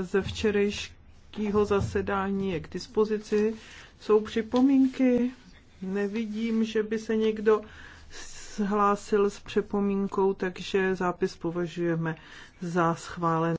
ze včerejšího zasedání je k dispozici. Jsou připomínky? Nevidím, že by se někdo zhlásil s připomínkou, takže zápis považujeme za schválený.